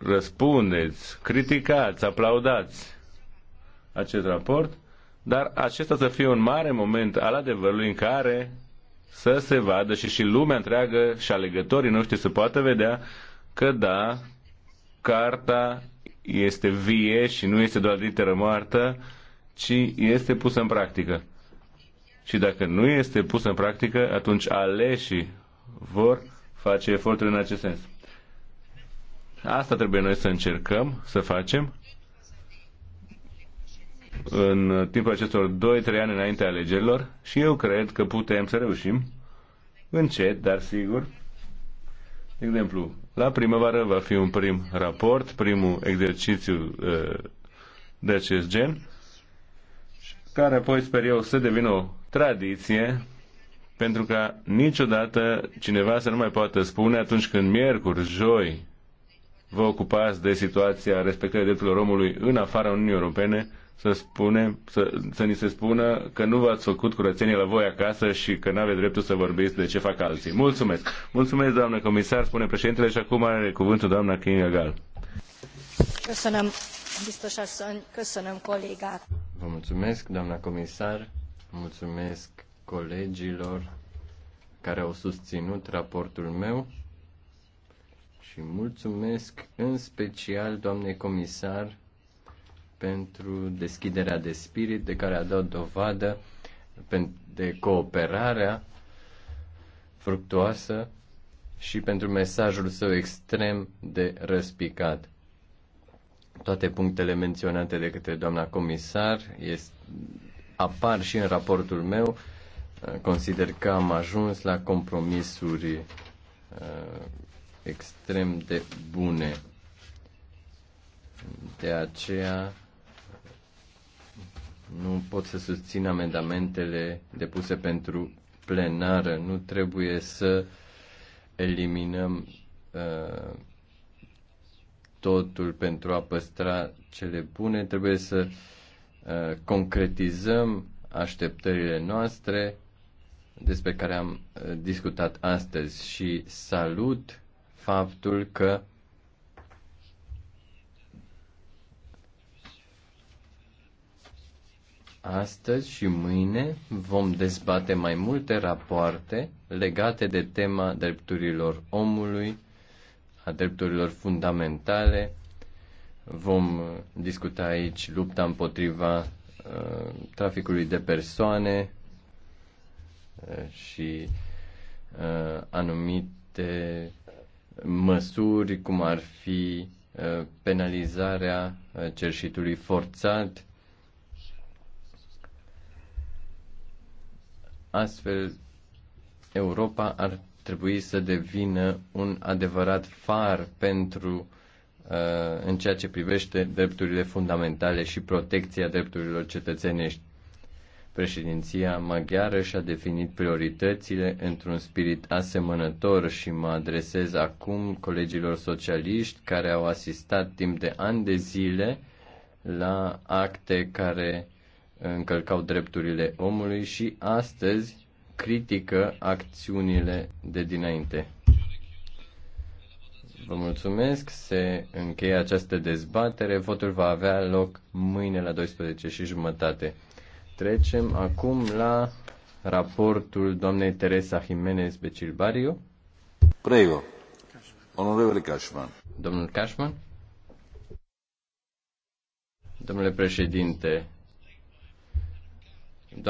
răspundeți, criticați, aplaudați acest raport, dar acesta să fie un mare moment al adevărului în care să se vadă și și lumea întreagă și alegătorii noștri să poată vedea că da, carta este vie și nu este doar literă moartă, ci este pusă în practică. Și dacă nu este pusă în practică, atunci aleșii vor face eforturi în acest sens. Asta trebuie noi să încercăm să facem în timpul acestor 2-3 ani înainte alegerilor și eu cred că putem să reușim încet, dar sigur. De exemplu, la primăvară va fi un prim raport, primul exercițiu uh, de acest gen, care apoi sper eu să devină o tradiție pentru ca niciodată cineva să nu mai poată spune atunci când miercuri, joi, vă ocupați de situația respectării drepturilor omului în afara Uniunii Europene, să, spunem, să, să ni se spună că nu v-ați făcut curățenie la voi acasă și că nu aveți dreptul să vorbiți de ce fac alții. Mulțumesc! Mulțumesc, doamnă comisar, spune președintele și acum are cuvântul doamna Kinga Gal. Köszönöm, biztos asszony, köszönöm Vă mulțumesc, doamna comisar, mulțumesc colegilor care au susținut raportul meu și mulțumesc în special doamnei comisar pentru deschiderea de spirit de care a dat dovadă de cooperarea fructuoasă și pentru mesajul său extrem de răspicat. Toate punctele menționate de către doamna comisar este, apar și în raportul meu. Consider că am ajuns la compromisuri uh, extrem de bune. De aceea nu pot să susțin amendamentele depuse pentru plenară. Nu trebuie să eliminăm uh, totul pentru a păstra cele bune. Trebuie să uh, concretizăm așteptările noastre despre care am uh, discutat astăzi și salut faptul că Astăzi și mâine vom dezbate mai multe rapoarte legate de tema drepturilor omului, a drepturilor fundamentale. Vom discuta aici lupta împotriva uh, traficului de persoane uh, și uh, anumite măsuri, cum ar fi uh, penalizarea uh, cerșitului forțat, Astfel, Europa ar trebui să devină un adevărat far pentru uh, în ceea ce privește drepturile fundamentale și protecția drepturilor cetățenești. Președinția maghiară și-a definit prioritățile într-un spirit asemănător și mă adresez acum colegilor socialiști care au asistat timp de ani de zile la acte care încălcau drepturile omului și astăzi critică acțiunile de dinainte. Vă mulțumesc, se încheie această dezbatere. Votul va avea loc mâine la 12 și jumătate. Trecem acum la raportul doamnei Teresa Jimenez Becilbariu. Prego, onorevole Cashman. Domnul Cashman? Domnule președinte,